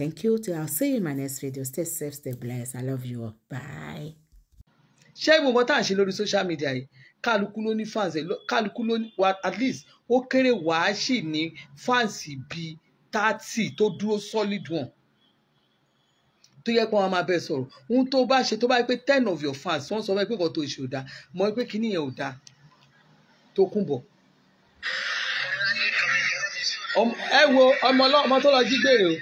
Thank you. Till I'll see you in my next video. Stay safe, stay blessed. I love you all. Bye. ṣé ìwọ̀n tá à ń ṣe lórí social media yìí kálukú ló ní fans ẹ̀ kálukú ló ní at least ó kéré wàá sì ní fans bíi thirty tó dúró solid one tó yẹ kó wọn máa bẹ sọ̀rọ̀ ohun tó bá ṣe tó bá yẹ pé ten of your fans wọ́n sọ fún ẹ pé nǹkan tó ṣe ò dáa mọ̀ pé kíní yẹn ò dáa tó kún bọ̀ ẹ wo ọmọ tó lọ jí gbèrè o.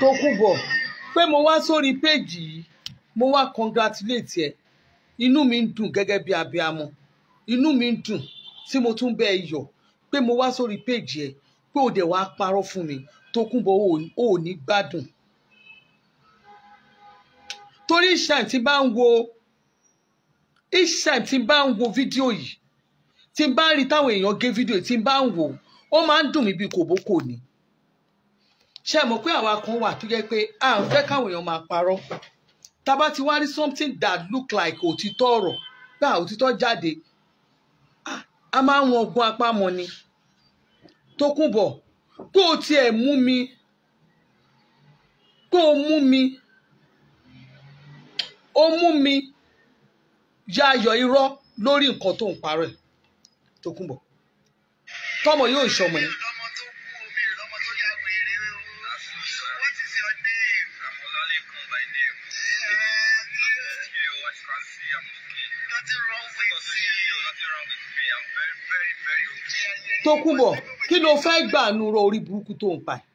Tókunbọ̀ pé mo wá sórí péjì yìí mo wá congratulate ẹ inú mi ń dùn gẹ́gẹ́ bí abiamọ inú mi ń dùn tí mo tún bẹ́ẹ̀ yọ̀ pé mo wá sórí péjì ẹ pé òde wàá parọ́ fún mi Tókunbọ̀ ò ní gbádùn torí ìṣàn tí bá ń wo ìṣàn tí bá ń wo fídíò yìí tí bá ń rí táwọn èèyàn gé fídíò tí bá ń wò ó máa ń dùn mí bí kòbókò ni ṣe mọ̀ pé àwa kan wà tó jẹ́ pé a ń fẹ́ káwọn èèyàn máa parọ́ tá bá ti wá rí something that look like òtítọ́ ọ̀rọ̀ gbà òtítọ́ jáde a máa ń wọn ogun apámọ ni tó kún bọ̀ kó o tiẹ̀ mú mi kó o mú mi ó mú mi yáyọ irọ́ lórí nǹkan tó ń parọ́ ẹ̀ tó kún bọ̀ tọmọ yóò ṣọmọ yìí. tó kú bọ̀ kí ló fẹ́ gbà nurọ̀ orí burúkú tó ń pa ẹ̀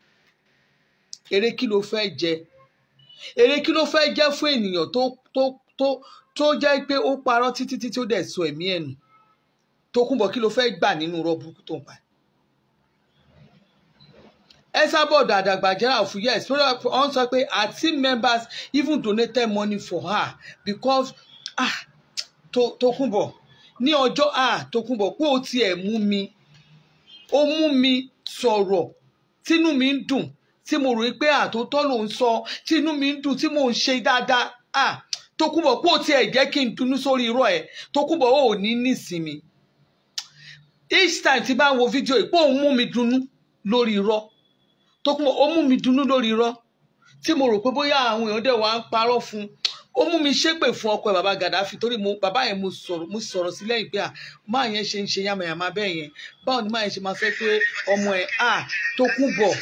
èrè kí ló fẹ́ jẹ èrè kí ló fẹ́ jẹ́ fún ènìyàn tó tó tó tó jẹ́ pé ó parọ́ títí títí ó dẹ̀ sọ ẹ̀mí ẹ̀ nù tó kú bọ̀ kí ló fẹ́ gbà nínú rọ burúkú tó ń pa ẹ̀. ẹ sábọ̀ dàdàgbà jẹ́ra fún yẹ́sì wọ́n sọ pé our team members even donated money for her because ah Tókunbọ̀ ní ọjọ́ ah Tókunbọ̀ pé ó tiẹ̀ mú mi ó mú mi sọ̀rọ̀ tínú mi ń dùn tí mo rò pé àtòótọ́ ló ń sọ tínú mi ń dùn tí mo ń ṣe dáadáa ah Tókunbọ̀ pé ó tiẹ̀ jẹ́ kí n dunú sórí irọ́ ẹ̀ Tókunbọ̀ ó ní nísinmi each time tí bá wo fídíò yìí pé òun mú mi dunú lórí irọ́ Tókunbọ̀ ó mú mi dunú lórí irọ́ tí mo rò pé bóyá àwọn èèyàn dẹ̀ wá ń parọ́ fún un ó mú mi ṣépè fún ọkọ ẹ bàbá Gaddafi torí mo bàbá yẹn mo sọ̀rọ̀ mo sọ̀rọ̀ sí lẹ́yìn pé à máa yẹn ṣe ń ṣe yàmàyàmà bẹ́ẹ̀ yẹn báwo ni máa yẹn ṣe máa fẹ́ pé ọmọ ẹ à tó kú bọ̀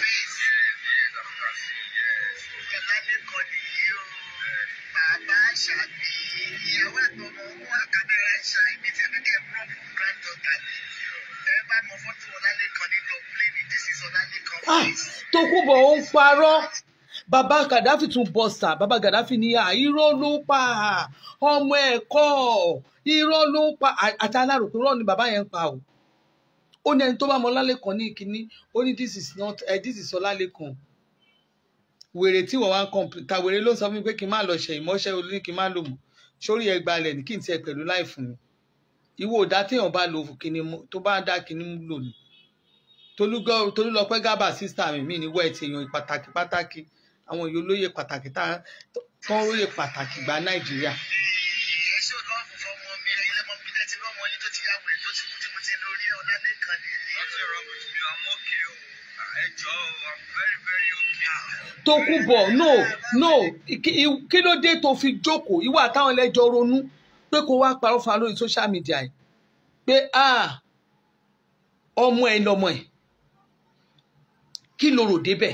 tó kú bọ̀ ó ń parọ́ Baba Gaddafi tún bọ̀ sà bàbá Gaddafi ní à irọ́ ló ń pa ọmọ ẹ̀kọ́ irọ́ ló ń pa àti alárùkù irọ́ ni bàbá yẹn ń pa o ó ní ẹni tó bá mọ Ọlálékan ní ìkíní ó ní this is not uh, this is Ọlálékan wèrè tí wọ́n wá ń kọ̀ǹpì tàwèrè ló sọ fún mi pé kí n má lọ ṣe ìmọ̀ṣẹ́ olú ní kí n má lò mọ́ sórí ẹgbàá alẹ̀ ní kí n tiẹ̀ pẹ̀lú láì fún mi ìwọ òdá téèyàn bá lo kìnìún mu tó bá dá kìnìún mu lò ní tolúlọpẹ́ gábà sísá mi mí ní wẹ́ẹ̀tì èèyàn pàtàkì pàtàkì àwọn èyí olóyè pàtàkì tá tó ń róye pàtàkì gba nàìjíríà. tó kú bọ̀ no no kí ló dé tó fi jókòó ìwà táwọn ẹlẹ́jọ́ ronú pé kó wá parọ́ fún lórí social media yìí pé ọmọ ẹ lọmọ ẹ kí lo rò débẹ̀.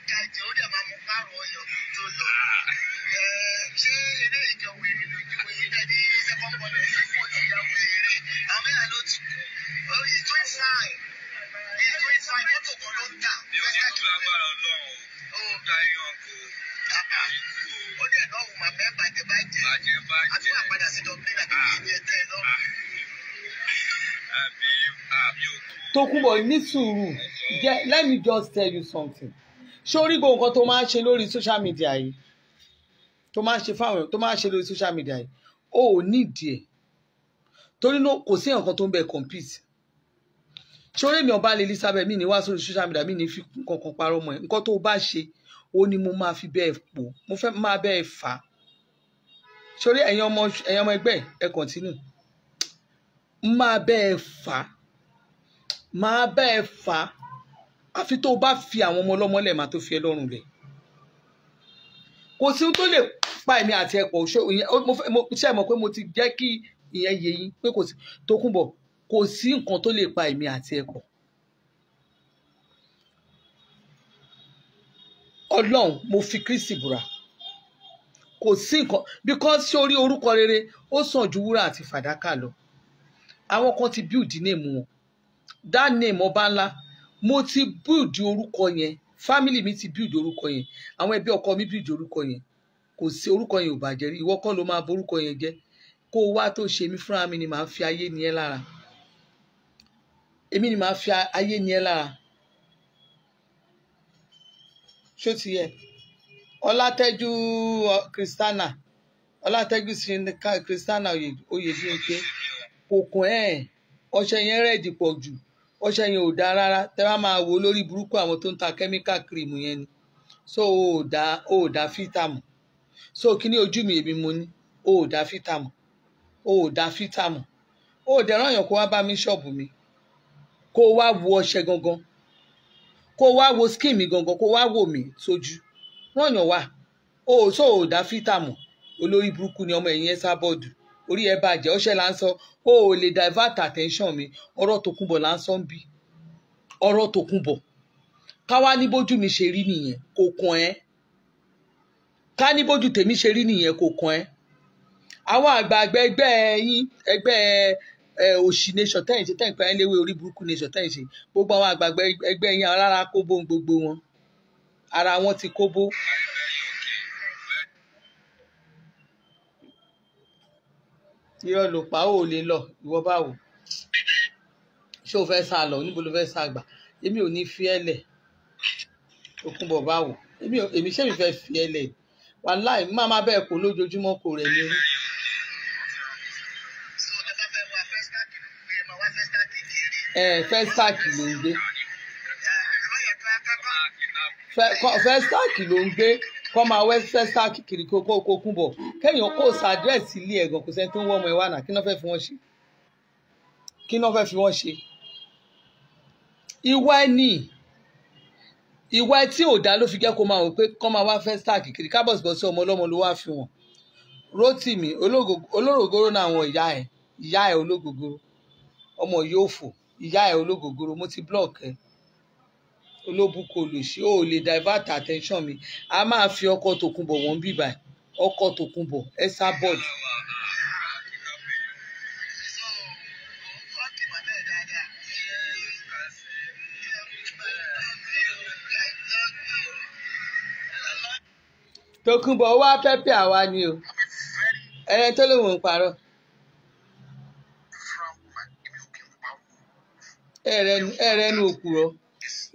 Tókunbọ̀ ní sùúrù jẹ́ let me just tell you something sórí gbogbo nǹkan tó máa ń ṣe lórí social media yìí tó máa ń ṣe fáwọn tó máa ń ṣe lórí social media yìí ó ò nídìí ẹ̀ torí náà kò sí nǹkan tó ń bẹ compete sórí èmi ọba lè Elizabeth mi ní wá sórí social media mi ní fi kankan parọ́ mọ́ ẹ̀ nǹkan tó bá ṣe ó ní mo máa fi bẹ́ẹ̀ pò mo fẹ́ máa bẹ́ẹ̀ fà á sórí ẹ̀yin ọmọ ẹ̀yin ọmọ ẹgbẹ́ ẹ̀ continue máa bẹ́ẹ̀ fà á máa bá ẹ fà á àfi tó o bá fi àwọn ọmọ ọlọ́mọ lẹ̀ máa tó fi ẹ lọ́rùn lẹ̀ kò sí ohun tó lè pa èmi àti ẹ̀pọ̀ ṣé ẹ mọ̀ pé mo ti jẹ́ kí ìyẹn yé yín pé kò sí Tókunbọ̀ kò sí nǹkan tó lè pa èmi àti ẹ̀pọ̀ ọlọ́run mo fi Kristi búra kò sí nǹkan because sórí orúkọ rere ó sàn ju wúrà àti fàdákà lọ àwọn kan ti build name wọn that name ọba ńlá mo ti build orúkọ yẹn family mi ti build orúkọ yẹn àwọn ẹbí ọkọ mi build orúkọ yẹn kò sí orúkọ yẹn ò bàjẹ́ rí ìwọ ló máa borúkọ yẹn jẹ́ kó o wá tó ṣe mí fúnra mi ni màá fi ayé ni ẹ́ lára èmi ni màá fi ayé ni ẹ́ lára ṣó ti yẹ ọlátẹ́jú kristiana ọlátẹ́jú kristiana oyèdíyẹ pé kò kàn ẹ́ ọṣẹ yẹn rẹ̀ dìpọ̀ jù ọṣẹ yẹn ò dáa rárá tẹ bá máa wo lórí burúkú àwọn tó ń ta kẹ́míkà kìrìmù yẹn ni so o ò dá o ò dá fítàmù so kíní ojú mi èmi mo ní o ò dá fítàmù o ò dá fítàmù o ò dẹ̀rán yàn kó wá bá mi ṣọ́ọ̀bù mi kó wá wo ọṣẹ gangan kó wá wo skin mi gangan kó wá wò mí sójú wọ́n yàn wá o ò so ò dá fítàmù olórí burúkú ni ọmọ ẹ̀yìn ẹ̀ sábọ́ọ̀dù orí ẹ bàjẹ́ ọṣẹ là ń sọ o ò lè divert attention mi ọ̀rọ̀ Tòkunbọ̀ là ń sọ ń bí ọ̀rọ̀ Tòkunbọ̀ káwá ní bójú mi ṣe rí nìyẹn kò kàn ẹ́ ká ní bójú tèmi ṣe rí nìyẹn kò kàn ẹ́ àwọn àgbààgbà ẹgbẹ́ yín ẹgbẹ́ òṣì nation tẹ́yìn ṣe tẹ́yìn pé ẹ̀ léwé orí burúkú nation tẹ́yìn ṣe gbogbo àwọn àgbààgbà ẹgbẹ́ yín alára kóbó gbogbo wọn ara wọn ti kóbó irọ́ ló pa ó lè lọ ìwọ báwo ṣé o fẹ́ sá lọ níbo ló fẹ́ sá gbà èmi ò ní fi ẹ́ lẹ̀ Òkúnbọ̀ báwo èmi ṣé mi fẹ́ fi ẹ́ lẹ̀ wàláì má má bẹ́ẹ̀ kó lójoojúmọ́ kò rẹ̀ ní orí. ẹ ló ń gbé fẹ́ ló ń gbé kọ́ máa wẹ́ sẹ́sà kiri kókó kókún bọ̀ kẹ́yìn kó sàdírẹ́sì ilé ẹ̀gàn kò sẹ́ni tó ń wọ́ ọmọ ẹ̀ wá náà kí náà fẹ́ fi wọ́n ṣe kí náà fẹ́ fi wọ́n ṣe. ìwà ẹni ìwà ẹ tí ò dá ló fi jẹ́ kó máa wò pé kọ́ máa wá fẹ́ sà kiri kábọ̀sì bọ̀ sí ọmọ ọlọ́mọ ló wá fi wọ́n Rótìmí olórògóró náà àwọn ìyá ẹ̀ ìyá ẹ̀ ológogoro ọmọ yóò fò ìyá ẹ̀ ológogoro mo ti blọọkì olóbùkọ olùsí ò lè divert attention mi a máa fi ọkọ tòkunbọ̀ wọ́n bí báyìí ọkọ tòkunbọ̀ ẹ sá bọ́ọ̀dù. tòkunbọ̀ wá pẹ́pẹ́ àwa ni o ẹni tó lè wọ́n parọ́. ẹ̀rẹ́ nu òkúrọ̀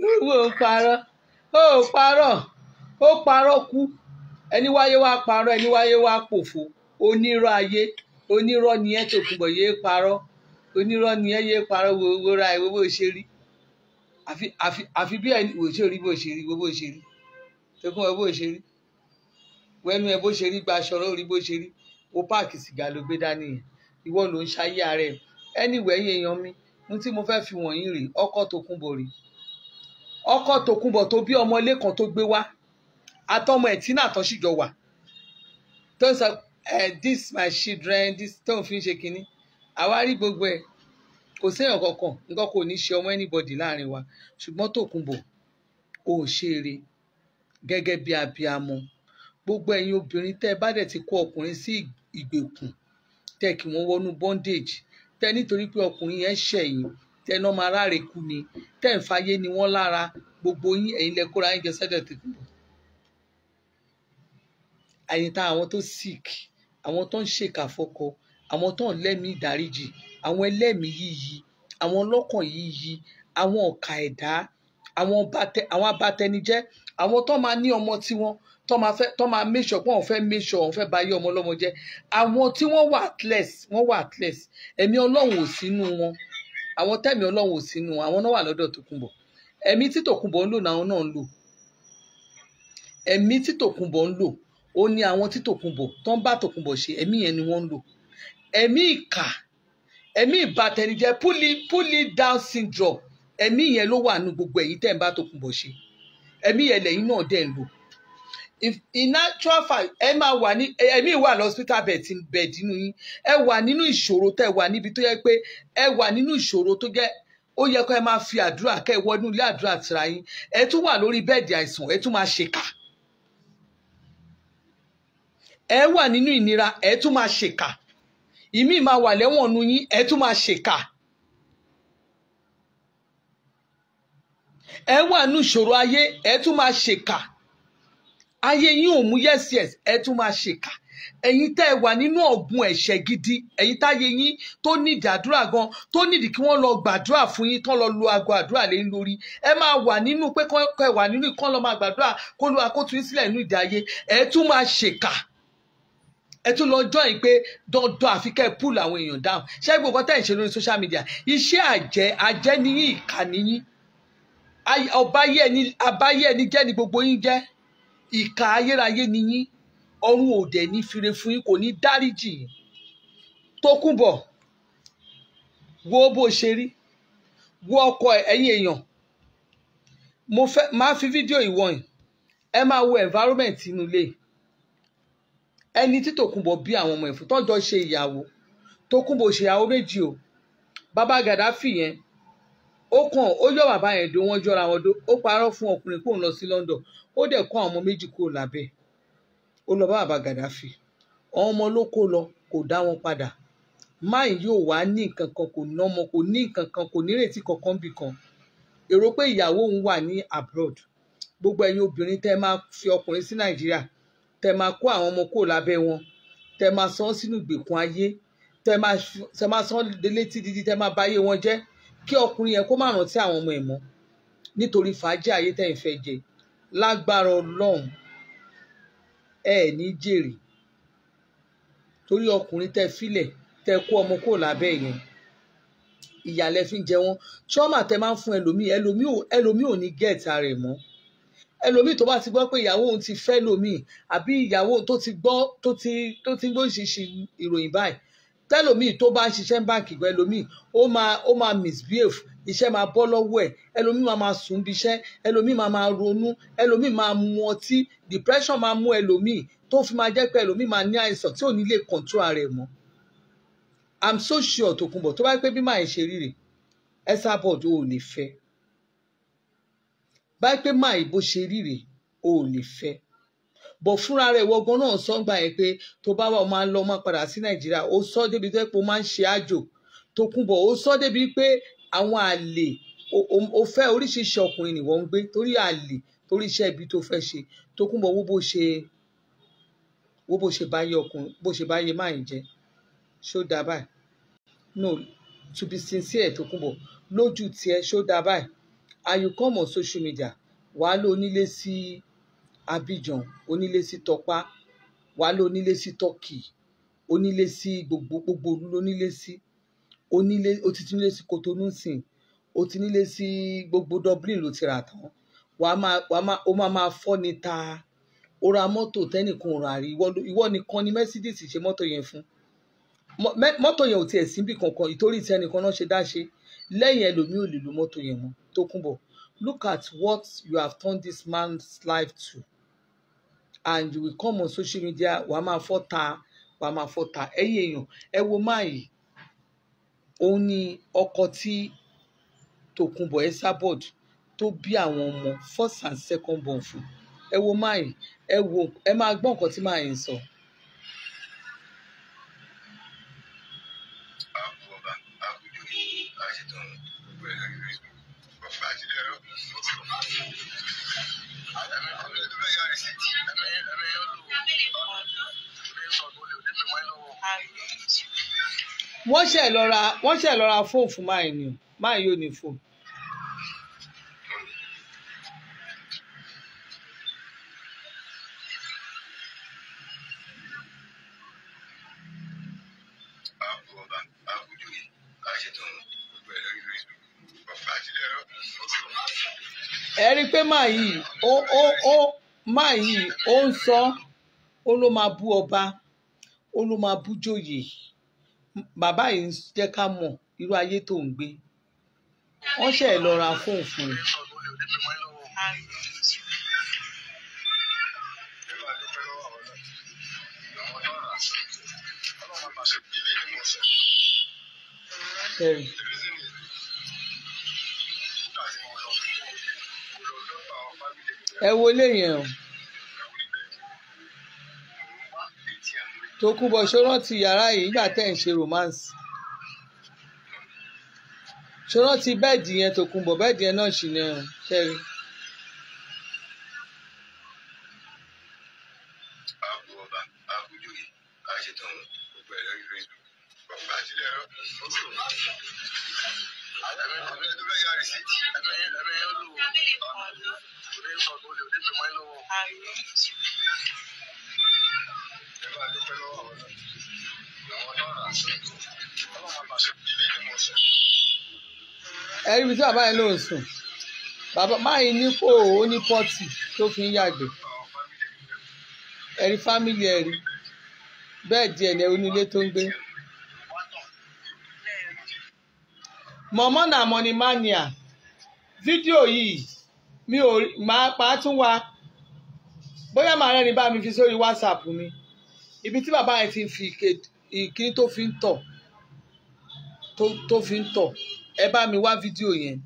lówó parọ́ ó parọ́ ó parọ́ kú ẹni wáyé wá parọ́ ẹni wáyé wá pòfo onírọ́ ayé onírọ́ ni ẹ tòkunbọ̀ yéé parọ́ onírọ́ ni ẹ yéé parọ́ wo ra ẹ wo bó ṣe rí àfi bí ẹni wò ṣe rí bó ṣe rí wo bó ṣe rí tókùn ẹ bó ṣe rí wẹnu ẹ bó ṣe rí gbaṣọ lórí bó ṣe rí o páàkì sìgá ló gbé dání yẹn ìwọ ló ń ṣayé ara ẹ ẹni wẹ̀yìn èèyàn mi ní tí mo fẹ́ fi wọ̀nyí rè ọkọ̀ Tòkunbọ̀ rè ọkọ Tòkunbọ̀ tó bí ọmọ ilé kan tó gbé wá àtọmọ ẹ̀ tí náà tán ṣìjọ wà tó ń sọ ẹ eh, this my children tó ń fi ń ṣe kínní àwa rí gbogbo ẹ̀ kò séèyàn kankan nǹkan kò ní ṣe ọmọ anybody láàrin wa ò bí abiamọ gbogbo obìnrin ẹ bá dẹ̀ ti kó ọkùnrin sí ìgbèkùn kí wọnú bondage nítorí pé ọkùnrin tẹná máa ráre kú ni tẹ́ ń fàyè ni wọ́n lára gbogbo yín ẹ̀yin lẹ kóra yín jẹ sẹ́dọ̀ tó kù. àyìn tá àwọn tó sick àwọn tó ń ṣèkà fọ́kọ àwọn tó ń lẹ́mìí ìdáríjì àwọn ẹlẹ́mìí yíyí àwọn ọlọ́kàn yíyí àwọn ọ̀ka ẹ̀dá àwọn abatẹnijẹ́ àwọn tó máa ní ọmọ tiwọn tó máa fẹ́ pé wọ́n fẹ́ make sure wọ́n fẹ́ bà ọmọ ọlọ́mọ jẹ́ àwọn tí wọ́n wà at least wà at least ẹ̀mí ò sínú wọn àwọn tẹ̀mí ọlọ́run ò sínú àwọn náà wà lọ́dọ̀ Tòkunbọ̀ ẹ̀mí tí Tòkunbọ̀ ń lò náà náà ń lò ẹ̀mí tí Tòkunbọ̀ ń lò ó ní àwọn tí Tòkunbọ̀ tó ń bá Tòkunbọ̀ ṣe ẹ̀mí yẹn ni wọ́n ń lò ẹ̀mí ìkà ẹ̀mí ìbàtẹ̀nijẹ́ púlì púlì down syndrome ẹ̀mí yẹn ló wà nù gbogbo èyí tẹ̀ ń bá Tòkunbọ̀ ṣe ẹ̀mí yẹn lẹ́yìn náà dẹ̀ ń lò in natural fact ẹ máa wà ní ẹ̀mí wà lọ́sítà bed nínú yín ẹ wà nínú ìṣòro tẹ wà níbi tó yẹ pé ẹ wà nínú ìṣòro tó jẹ́ ó yẹ kó ẹ máa fi àdúrà kẹ ẹ wọnú ilé àdúrà tìra yín ẹ tún wà lórí bẹ́ẹ̀dì àìsàn ẹ tún máa ṣèkà ẹ wà nínú ìnira ẹ tún máa ṣèkà ìmí máa wà lẹ́wọ̀n nu yín ẹ tún máa ṣèkà. ẹ wà nínú ìṣòro ayé ẹ tún máa ṣèkà ayé yín ò mú yes yes ẹ tún máa ṣèkà ẹ̀yin tẹ́ ẹ wà nínú ọ̀gbun ẹ̀ṣẹ̀ gidi ẹ̀yin táyé yín tó nídìí àdúrà gan tó nídìí kí wọ́n lọ gbàdúrà fún yín tán lọ lu aago àdúrà lé lórí ẹ máa wà nínú pé kọ́ ẹ wà nínú ìkọ́ lọ máa gbàdúrà kó lu akótó yín sílẹ̀ nínú ìdí ayé ẹ tún máa ṣèkà ẹ tún lọ jọ́ yìí pé dandan àfi púùlù àwọn èèyàn dáhùn ṣé gbogbo tẹ́ ẹ̀ ṣe lórí social media iṣẹ́ àjẹ́ àjẹ́ níyìn ìkà ni, ọba ayé ẹni jẹ́ ni gbogbo yín jẹ́ ìka ayérayé ni yín ọrùn òdẹ ní fire fún yín kò ní dáríjì Tókunbọ̀ wo bó ṣe rí wo ọkọ ẹ̀yin èèyàn mo fẹ́ máa fi fídíò ìwọ̀nyí ẹ máa wo environment inú ilé ẹni tí Tókunbọ̀ bí àwọn ọmọ ẹ̀fọ́ tọ́jọ́ ṣe ìyàwó Tókunbọ̀ ṣèyàwó méjì o bàbá Gàdáfì yẹn ó kàn ó yọ bàbá yẹn dó wọ́n jọra wọn dó ó parọ́ fún ọkùnrin kóun lọ sí London ó dẹ̀ kó àwọn ọmọ méjì kúrò lábẹ́ ó lọ bá bàbá Gaddafi àwọn ọmọ ló kó lọ kò dá wọn padà máì yóò wá ní nǹkan kan kò ná ọmọ kò ní nǹkan kan kò nírètí kankan bì kan èrò pé ìyàwó òun wà ní abroad gbogbo ẹ̀yin obìnrin tẹ́ máa fi ọkùnrin sí Nàìjíríà tẹ́ máa kó àwọn ọmọ kúrò lábẹ́ wọn tẹ́ máa san sínú ìgbèkùn ayé tẹ́ máa san létí dídí tẹ́ máa báyé wọn jẹ́ kí ọkùnrin yẹn kó má rántí àwọn ọmọ ẹ̀ mọ́ nítorí fàájì ayé tẹ̀ ń fẹ́ jẹ lágbára ọlọ́run ẹ ní jèrè torí ọkùnrin tẹ filẹ̀ tẹ kó ọmọ kó lábẹ́ yẹn ìyàlẹ fi ń jẹ wọn chioma tẹ máa ń fún ẹlòmíì ẹlòmíì ẹlòmíì ò ní gẹẹta rẹ mọ́ ẹlòmíì tó bá ti gbọ́ pé ìyàwó òun ti fẹ́ lòmíì àbí ìyàwó tó ti gbọ́ tó ti tó ti gbọ́ ìṣiṣi ìròyìn báyìí tẹlòmíì tó bá ń ṣiṣẹ́ báǹkì gan ẹlòmíì ó máa ó máa misbehave iṣẹ́ máa bọ́ lọ́wọ́ ẹ̀ ẹlòmíì máa máa sùn bí iṣẹ́ ẹlòmíì máa máa ronú ẹlòmíì máa mu ọtí depression máa mú ẹlòmíì tó fi máa jẹ́ pé ẹlòmíì máa ní àìsàn tí ò ní lè control ara ẹ̀ mọ́ i'm so sure Tòkunbọ̀ tó bá pẹ́ bí máa ṣe rí rè Esabod ò ní fẹ́ báyìí pé máa ìbò ṣe rí ò ní fẹ́ bọ̀ fúnra rẹ̀ wọgbọ́n náà sọ́ngbà ẹ̀ pé tó bá wà ó máa ń lọ máa padà sí nàìjíríà ó sọ débi tó yẹ pé ó máa ń ṣe àjò tó kún bọ̀ ó sọ débi pé àwọn àlè ó fẹ́ oríṣiríṣi ọkùnrin ni wọ́n ń gbé torí àlè torí iṣẹ́ ibi tó fẹ́ ṣe tó kún bọ̀ wo bó ṣe wo ọkùnrin bó ṣe bá máa ń jẹ ṣó dáa báyìí no to be sincere tó kún bọ̀ lójú tiẹ̀ ṣó dáa báyìí are you come on social media wàá lọ onílé sí. Si, Abidjan onílé sí Tọ̀pá Wálé onílé sí Tọ́kì gbogbo gbogbo olú lónílé sí Kotonu sìn ó gbogbo Dublin ló ti rà tán wàá máa wàá máa ó máa máa fọ́ ni ta ó ra mọ́tò tẹ́nìkan rà rí ìwọ nìkan ni Mercedes ṣe mọ́tò yẹn fún mọ́tò yẹn ò tiẹ̀ síbì kankan ìtorí tí ẹnìkan náà ṣe dáṣe lẹ́yìn ẹlòmíì ò lè lo mọ́tò yẹn mọ́ Tókunbọ̀ look at what you have turned this man's life to and you will come on social media wàá máa fọ́ ta wàá máa fọ́ ta ẹ̀yìn èèyàn ẹ wo máa yìí òun ni ọkọ tí Tòkunbọ̀ Esabod tó bí àwọn ọmọ first and second born fún ẹ wo máa yìí ẹ wo ẹ máa gbọ́ nǹkan tí máa yìí sọ. Thank you wọ́n ṣẹ̀ lọ ra wọ́n ṣẹ̀ lọ ra fóònù fún máa ní máa yóò ní fóònù. Thank you ẹ rí i pé máa yìí ó ó ó máa yìí ó ń sọ ó ló máa bú ọba ó ló máa bú jòyè bàbá yìí ń jẹ́ ká mọ̀ irú ayé tó ń gbé wọ́n ṣe é lọ́ra fóun fún un. Thank you. ẹ wo léyìn o tó kú bọ ṣó rántí yàrá yìí nígbà tẹ́ ń ṣe romance ṣó rántí bẹ́ẹ̀dì yẹn tó kú bọ bẹ́ẹ̀dì yẹn náà ṣì ni ẹ ṣẹ́rí. àmín. ẹ bá dúpẹ́ lọ́wọ́ àwọn náà àwọn náà rà sí ọlọ́run àpàṣẹ ilé ìgbìmọ̀ sọ. ẹ rí ibi tí bàbá yẹn ló ń sùn bàbá máyì ní kó o ní pọ́ọ̀tì tó fi ń yàgbẹ́ ẹ̀rí fámìlì ẹ̀rí bẹ́ẹ̀ díẹ̀ ní onílé tó ń gbé. mọ̀mọ́nà mọ̀nìmánìà fídíò yìí mi ò máa pa tún wá bóyá màá rẹ́ni bá mi fi sórí whatsapp mi ibi tí bàbá yẹn ti fi ìkíni tó fi ń tọ̀ tó fi ń tọ̀ ẹ bá mi wá fídíò yẹn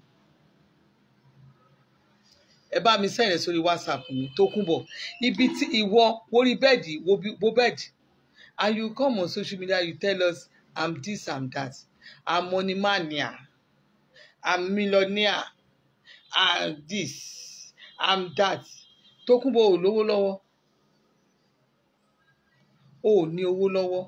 ẹ bá mi sẹ́yìn sórí whatsapp mi tó kún bọ̀ ibi tí ìwọ wórí bẹ́ẹ̀dì wo bẹ́ẹ̀dì and you come on social media you tell us i'm this i'm that i'm money mania i'm millionaire i'm this i'm that Tókunbọ̀ ò lówó lọ́wọ́. O ò ní owó lọ́wọ́.